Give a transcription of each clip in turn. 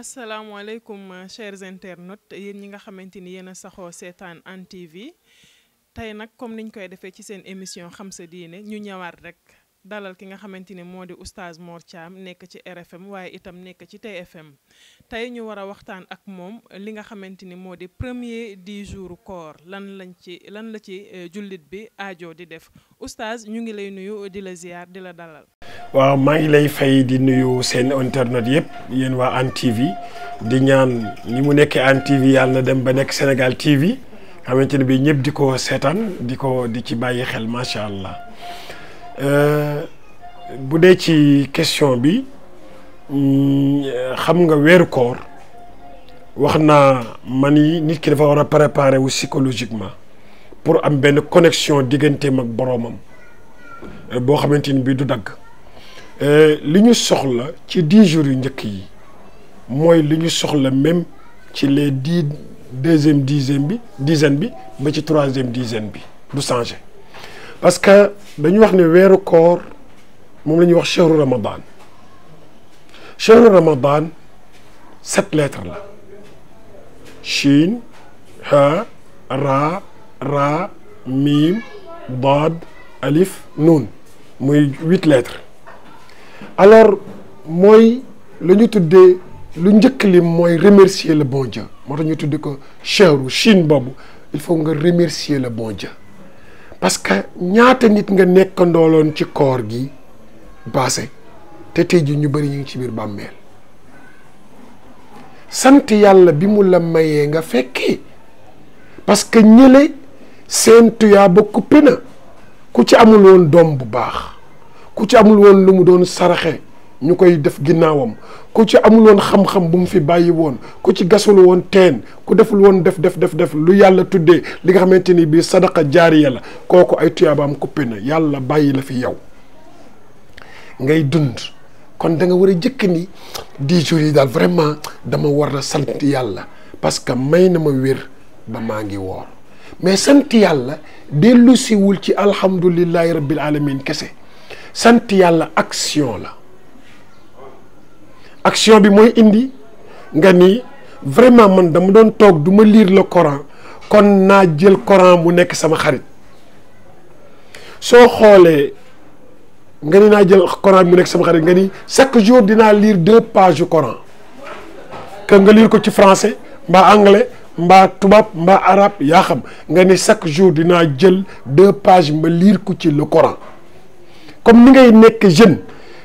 asalaamaaleykum euh, chers internautes yéen ñi nga xamante ni yéen a saxoo seetaan Hann TV tey nag comme ni ñu koy defee ci seen émission xam sa diine ñu ñëwaat rek dalal ki nga xamante ni moo di oustaz Mor Thiam nekk ci RFM waaye itam nekk ci TFM tey ñu war a waxtaan ak moom li nga xamante ni moo di premier dix jours koor lan lañ ci lan la ci euh, jullit bi aajo di def oustaz ñu ngi lay nuyu di la ziar di la dalal. waaw maa ngi lay fay di nuyu seen internet yëpp yéen waa Hann TV di ñaan ni mu nekkee Hann TV yàlla dem ba nekk Sénégal TV xamante ne bi ñëpp di ko seetaan di ko di ci bàyyi xel macha allah. Euh, bu dee ci question bi mm, xam nga weeru koor wax naa man yi nit ki dafa war a préparer wu psychologiquement pour am benn connexion digganteem ak boroomam euh, boo xamante ni bii du dagg euh, li ñu soxla ci dix jours yu njëkk yi mooy li ñu soxla même ci les dix deuxième dizaine bi dizaine bi ba ci troisième dizaine bi du changé. parce que quand on parle le koor corps, ramadan ramadan sept lettres là. shin ha ra ra mim Bad, alif nun C'est huit lettres alors ce que nous remercier le bon Dieu Nous tax il faut remercier le bon Dieu parce que ñaata nit nga nekk ndooloon ci koor gi passé te tey ji ñu bëri ñu ngi ci biir bàmmeel sant yàlla bi mu la mayee nga fekki parce que ñële seen tuyaa ba na ku ci amul woon doom bu baax ku ci amul woon lu mu doon saraxe ñu koy def ginnaawam ku ci amul woon xam-xam bu mu fi bàyyi woon ku ci gasul woon teen ku deful woon def def def def lu yàlla tuddee li nga xamante ni bii sadaqa jaariya la kooku ay tuyaabaam kuppe na yàlla bàyyi la fi yow ngay dund kon da nga war a jëkk ni di jours yi daal vraiment dama war a sant yàlla parce que may na ma wér ba maa ngi woor mais sant yàlla dellusiwul ci alhamdulillahi rabbil alamin kese sant yàlla action la action bi moy indi nga ni vraiment man dama doon toog du ma lire le Coran kon na jël Coran mu nek sama xarit so xolé nga ni naa jël Coran mu nek sama xarit nga ni chaque jour dina lire deux pages du Coran que nga lire ko ci français mba anglais mba tubaab mba arab ya xam nga ni chaque jour dina jël deux pages ma lire ko ci le Coran comme ni ngay nek jeune.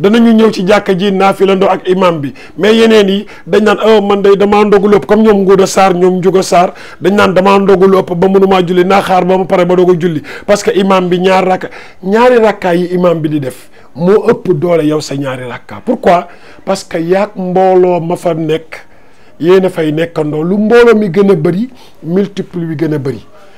ñu ñëw ci jàkka naa naafilandoo ak imam bi mais yeneen yi dañ naan oh, man day damaa ndogu lu ëpp comme ñoom Ngouda Sarr ñoom Ndiouga Sarr dañ naan damaa ndogu lu ëpp ba mënumaa julli naa xaar ba ma pare ba doog a julli parce que imam bi ñaar rakka ñaari rakkaa yi imam bi di def moo ëpp doole yow sa ñaari rakkaa pourquoi parce que yaak mbooloo ma fa nekk yéen a fay nekkandoo lu mbooloo mi gën a bëri multiple bi gën a bëri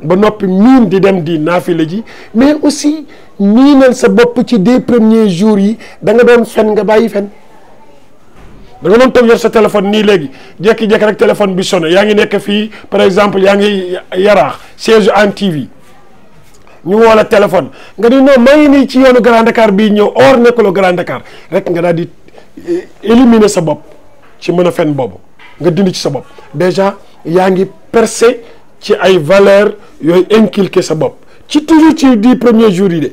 ba nopi min di dem di nafile ji mais aussi miinal sa bop ci des premiers jours yi da nga don fen nga bàyyi fen da nga don tok yor sa telephone ni legi jékki jek rek telephone bi sonne yaangi nek fi par exemple yaangi yarax siège en TV ñu wala telephone nga ni no may ni ci yoonu Grand Dakar bi ñew or lo Grand Dakar rek nga daal di eh, éliminer sa bop ci mëna fen bobu nga dindi ci sa bop déjà yaangi percer ci ay valeur yooyu inkilke sa bopp ci toujours ci di premier jour de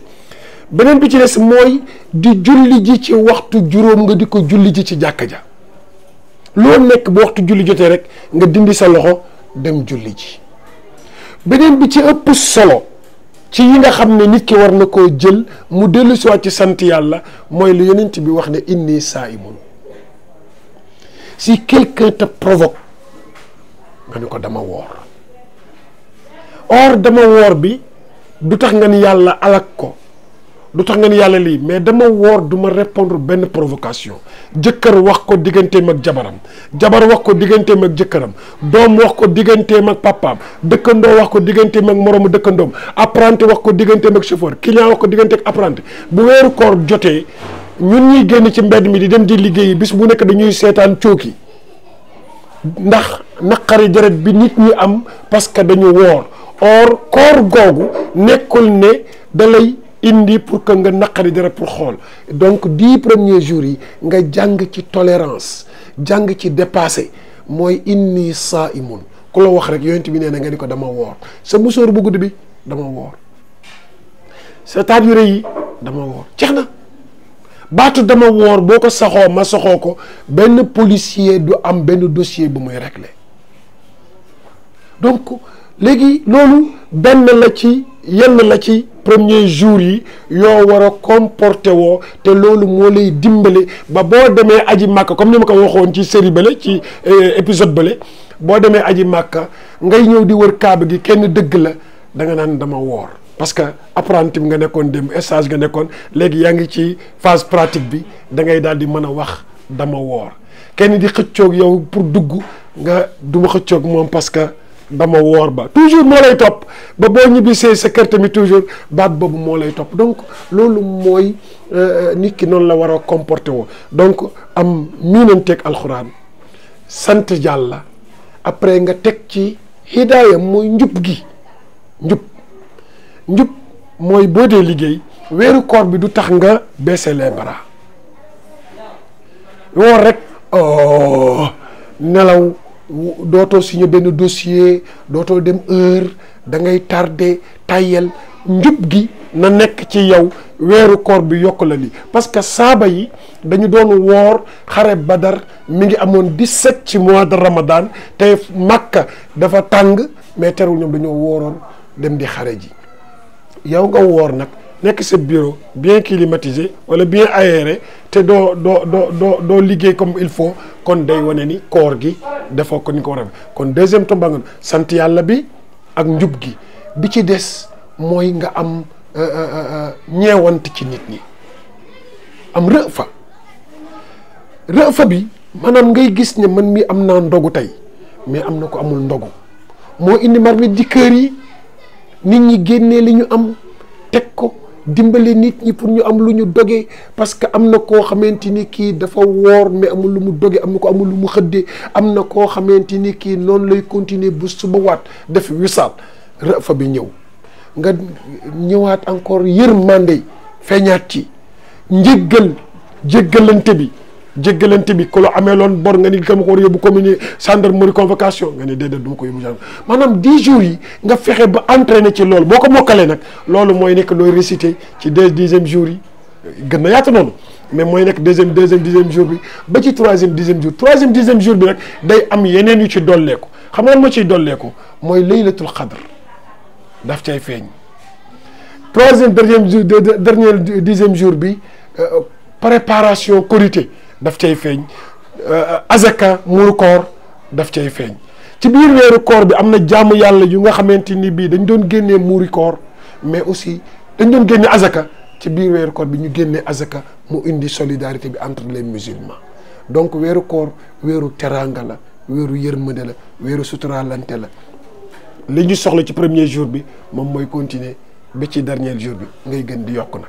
beneen bi ci des mooy di julli ji ci waxtu juróom nga di ko julli ji ci jàkk ja loo nekk bu waxtu julli jotee rek nga dindi sa loxo dem julli ji beneen bi ci ëpp solo ci yi nga xam ne nit ki war na koo jël mu dellu si waat sant yàlla mooy lu yonent bi wax ne inni saa'imun si quelqu'un te provoque nga ne ko dama woor or dama wor bi du tax nga ni yàlla alak ko du tax nga ni mais dama wor duma répondre ben provocation jeuker wax ko digganteem ak jabaram jabar wax ko digganteem ak jeukeram dom wax ko digganteem ak papam dëkkandoo wax ko digganteem ak morom dëkkandoom apprenti wax ko digganteem ak chauffeur client wax ko diggante ak apprenti bu weeru koor jotee ñun ñi génn ci mbedd mi di dem di bis bu nekk dañuy seetaan cooki ndax naqari bi nit ñi am parce que dañu woor or koor googu nekkul ne da lay indi pour que nga naqari dara pour xool donc di premier jours yi nga jàng ci tolérance jàng ci dépassé mooy inni sa imun ku la wax rek yonent na nga ni ko dama woor sa musóor bu guddi bi dama woor sa taat yu rëy yi dama woor jeex na baatu dama woor boo ko soxoo ma soxoo ko benn policier du am benn dossier bu muy réglé donc léegi loolu benn la ci yenn la ci premier jour yi yoo war a comporté woo te loolu moo lay dimbale ba boo demee aji màkka comme ni ma ko waxoon ci série bële ci euh, épisode bële boo demee aji màkka ngay ñëw di wër kaaba gi kenn dëgg la da nga naan dama woor parce que apprenti nga nekkoon démb essage nga nekkoon léegi yaa ngi ci phase pratique bi da ngay daal di mën a wax dama woor kenn di xëccoog yow pour dugg nga duma xëccoog moom parce que dama woor ba toujours moo lay topp ba boo ñibbisee sa kër tamit toujours baat boobu moo lay topp donc loolu mooy euh, euh, nit ki noonu la war a comporté woo donc am miinanteeg alxuraan sant Yàlla après nga teg ci hidaaya mooy njub gi njub njub mooy boo dee liggéey weeru koor bi du tax nga baisser les bras woor rek oh nelaw dootoo signé benn dossier dootoo dem heure da ngay tardé tayel njub gi na nekk ci yow weeru koor bi yokk la li parce que saaba yi dañu doon woor xare badar mi ngi amoon di 17 ci mois de ramadan te màkka dafa tàng mais terewul ñoom dañoo wooroon dem di xare ji yow nga woor nag nekk sa bureau bien climatisé wala bien aéré te doo doo doo doo doo liggéey comme il faut kon day wane ni koor gi defoo ko ni ko war kon deuxième tomba sant yàlla bi ak njub gi bi ci des mooy nga am euh, euh, euh, ñeewant ci nit ñi am rëfa rëfa bi maanaam ngay gis ne man mi am naa ndogu tey mais am na ko amul ndogu moo indi marmite di kër yi nit ñi génnee li ñu am teg ko dimbali nit ñi pour ñu am lu ñu doge parce que am na koo xamante ni kii dafa woor mais amul lu mu doge am na ko amul lu mu xëddee am na koo xamante ni kii noonu lay continuer bu suba waat def wisaal fa bi ñëw nga ñëwaat encore yër yërmande feeñaat ci njëggal jéggalante bi jéggalante bi ku la amee loon bor nga ni dama war a yóbbu commune gendarmerie convocation nga ni déedéet du ma ko yóbbu gendarmerie maanaam 10 jours yi nga fexe ba entraîné ci loolu boo ko mokkalee nag loolu mooy nekk looy récité ci deux dixième jours yi na yaatu noonu mais mooy nekk deuxième deuxième dixième jour bi ba ci troisième dixième jour troisième dixième jour bi nag day am yeneen yu ci dolleeku xam nga lan moo ciy dolleeku mooy laylatul xadr daf cay feeñ troisième dernier dernier dixième jour bi euh, préparation korité daf cay feeñ euh, azaka muuru koor daf cay feeñ ci biir weeru koor bi am na jaamu yàlla yu nga xamante ni bii dañ doon génnee muuri koor mais aussi dañ doon génne azaka ci biir weeru koor bi ñu génnee azaka mu indi solidarité bi entre les musulmans donc weeru koor weeru teraanga la weeru yërmande la weeru suturaalante la li ñu soxla ci premier jour bi moom mooy continuer ba ci dernier jour bi ngay gën di yokk na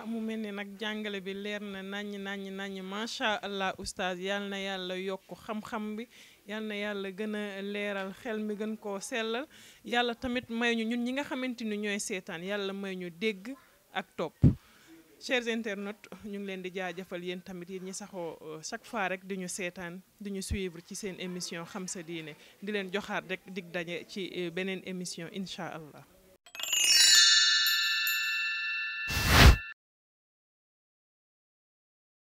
ah mu mel ni nag jàngale bi leer na naññ nàññ naññ macha allah oustaz yal na yàlla yokk xam-xam bi yal na yàlla gën a leeral xel mi gën ko sellal yàlla tamit may ñu ñun ñi nga xamante ni ñooy seetaan yàlla may ñu dégg ak topp. chers internautes ñu ngi leen di jaajëfal yeen tamit yéen ñi saxoo euh, chaque fois rek di ñu seetaan di ñu suivre ci seen émission xam sa diine di leen joxaat rek dig daje ci euh, beneen émission incha allah.